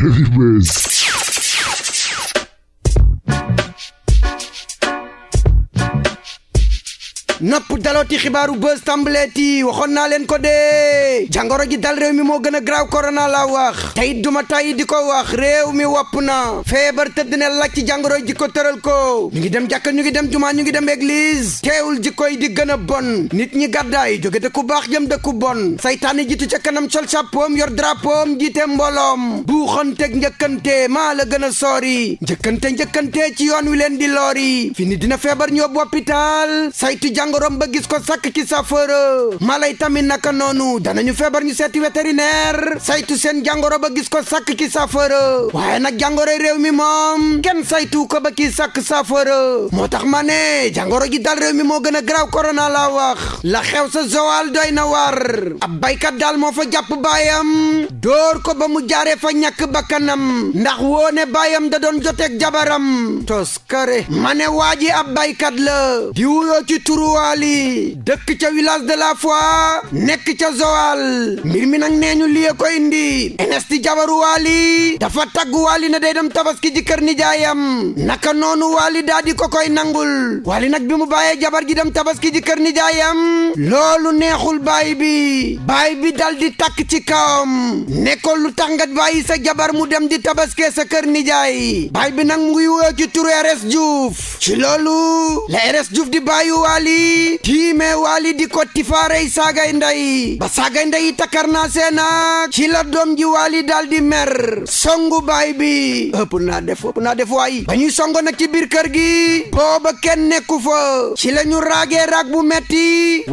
Heavyweight. nopp dalooti xibaaru buzz tàmbaleeti waxoon naa leen ko dee jangoro ji dal réew mi moo gën a graaw korona laa wax tey duma tàyyi di ko wax réew mi wopp na feebar tëdd ne laaj ci jàngoro ji ko tëral ko ñu ngi dem jàkka ñu ngi dem jumaa ñu ngi dem église teewul jikko yi di gën a bon nit ñi gàddaay jóge dëkku baax jëm dëkku bon saytaane jiitu ca kanam sol chapeau yor drapeau jiite mbooloom buuxanteeg njëkkante maa la gën a soori njëkkante njëkkante ci yoon wi leen di loori fini dina feebar ñoo jàngorom ba gis ko sakk ki saafara mala yi na naka dana danañu feebar ñu seeti vétérinaire saytu seen jàngoro ba gis ko sakk ci saafara waaye nag jàngoro réew mi moom kenn saytu ko ba ki sakk saafara moo tax ma ne jàngoro ji dal réew mi moo gën a graaw corona laa wax la xew sa Joal doy na war ab baykat daal moo fa jàpp baayam dóor ko ba mu jaaree fa ñàkk bakkanam ndax woone bayam da doon joteeg jabaram tos kare ma ne waa la Waali yi dëkk ca village la fois nekk ca Joal mbir mi nag nee ñu liye ko indi enesti jabaru Waali dafa tagg Waali na day dem tabaski ji kër am naka noonu Waali daa di ko koy nangul Waali nag bi mu bàyyee jabar ji dem tabaski ji kër am loolu neexul baay bi baay bi dal di takk ci kawam ne ko tax nga bàyyi sa jabar mu dem di tabaskee sa kër nijaay baay bi nag mu ngi woo ci turu RS Diouf ci loolu la RS Diouf di bàyyi Waali tiime waali di ko tifaarey saagay nday ba saagay nday takar naa seenaak ci la doom ji waali daal di mer songu baay bi ëpp naa def ëpp def waay ba ñuy songo nag ci biir kër gi booba kenn nekku fa ci la ñu raagee raag bu metti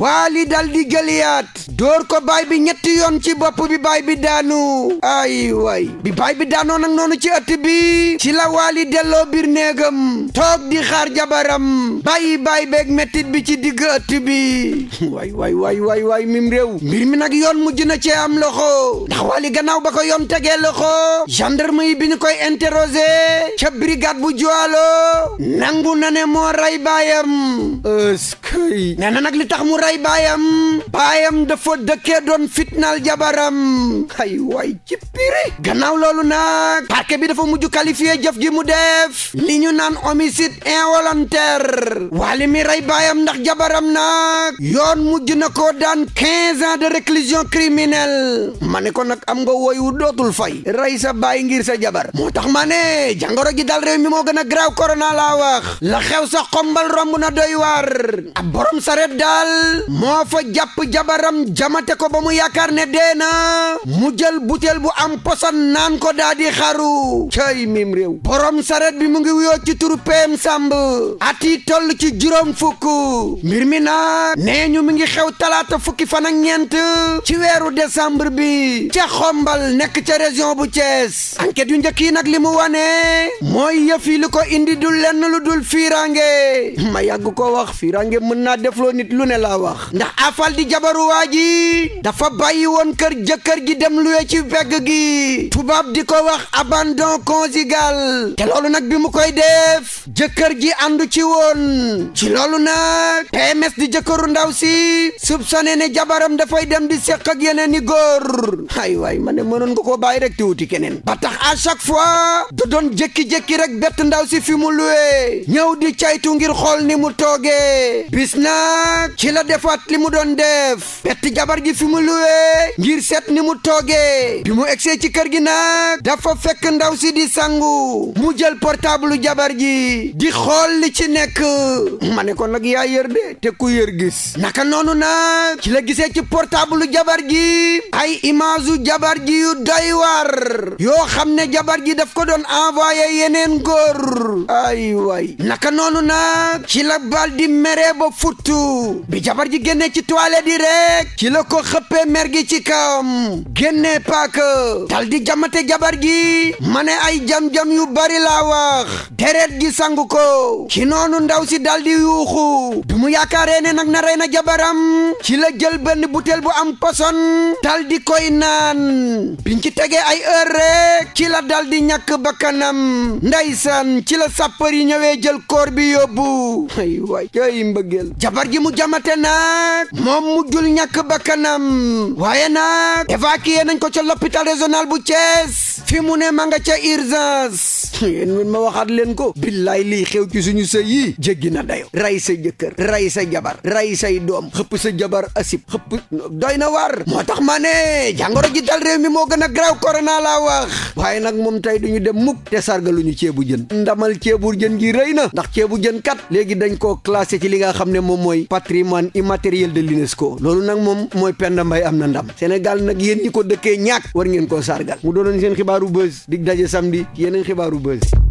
waali dal di gëliyaat dóor ko baay bi ñetti yoon ci bopp bi baay bi daanu ay waay bi baay bi daanoo noonu ci ëtt bi ci la waali delloo biir toog di xaar jabaram bàyyi baay beeg mettit bi ci digg ëtt bi waay waay waay waay waay mim réew mbir mi nag yoon mujj na cee am loxo ndax wali gannaaw ba ko yoon tegee loxo gendarme yi bi ñu koy interroger ca brigade bu Joalo nangu na ne moo rey baayam eskay nee nag li tax mu rey baayam baayam dafa dëkkee doon fitnaal jabaram ay waay ci piri gannaaw loolu nag parquet bi dafa mujj qualifié jëf ji mu def li ñu naan homicide involontaire wali mi rey baayam ndax jabaram nag yoon mujj na ko daan quinze ans ma ne ko nag am nga woyu dootul fay rey ngir sa jabar moo tax ma ne jàngoro ji dal réew mi moo gën a graaw corona laa wax la xew sa xombal romb na doy waar ab borom saret daal moo fa jàpp jabaram jamate ko ba mu yaakaar ne dee na mu jël butéel bu am posan naan ko daa di xaru cay mim réew borom saret bi mu ngi wuyoo ci turu PM Samb ati toll ci juróom fukk mbir mi nag nee ñu mi ngi xew talaata fukki fan ak ñeent ci weeru décembre bi ca xombal nekk ca région bu Thiès enquête yu njëkk yi nag li mu wane mooy yëf yi li ko indi du lenn lu dul fiirange ma yàgg ko wax fiirange mën naa defloo nit lu ne laa wax ndax afal di jabaruwaa ji dafa bàyyi woon kër jëkkër ji dem luwe ci pegg gi tubaab di ko wax abandon conjugal te loolu nag bi mu koy def jëkkër ji àndu ci woon ci loolu nag PMS di jëkkëru ndaw si soupçonné ne jabaram dafay dem di seq ak yeneen i góor ay waay ma ne mënoon nga koo bàyyi rek te wuti keneen ba tax à chaque fois da doon jékki-jékki rek bett ndaw si fi mu luwee ñëw di caytu ngir xool ni mu toogee bis nag ci la defaat li mu doon def bett jabar gi fi mu luwee ngir seet ni mu toogee bi mu egsee ci kër gi nag dafa fekk ndaw si di sangu mu jël portable jabar ji di xool li ci nekk ma ne ko nag yaa yër de te ku yër gis naka noonu nag ci la gisee ci portable jabar ji ay image u jabar ji yu doy yoo xam ne jabar ji daf ko doon envoyé yeneen góor ay way naka noonu nag ci la bal di mere futtu bi jabar ji génnee ci toilette yi rek ci la ko xëppee mer gi ci kawam jamate jabar ji mane ay jam-jam yu bari la wax deret gi sangu ko ci noonu ndaw si dal yuuxu mu yaakaaree ne nag na rey na jabaram ci la jël benn butéel bu am poson dal di koy naan biñ ci tegee ay heure rek ci la dal di ñàkk bakkanam ndeysaan ci la sapeur yi ñëwee jël kor bi yóbbu ay waay ay mbëggeel jabar ji mu jamate nag moom mu jul ñàkk bakkanam waaye nag évacué nañ ko ca l'hôpital régional bu Thiès fi mu ne ma nga ca urgence ngeen ngeen ma waxaat leen ko billaay lii xew ci suñu sëy yi jéggi na dayo ray sa jëkkër ray sa jabar ray say doom xëpp sa jabar asib xëpp doy na waar moo tax ma ne jàngoro ji dal réew mi moo gën a graw korona laa wax waaye nag moom tey duñu dem mukk te sargaluñu ceebu jën ndamal ceebu jën gi rey na ndax ceebu jën kat léegi dañ koo classé ci li nga xam ne moom mooy patrimoine immatériel de ko loolu nag moom mooy Penda Mbaye am na ndam Sénégal nag yéen ñi ko dëkkee ñàkk war ngeen koo sargal mu doonoon seen xibaaru bës dig daje samedi Buzz.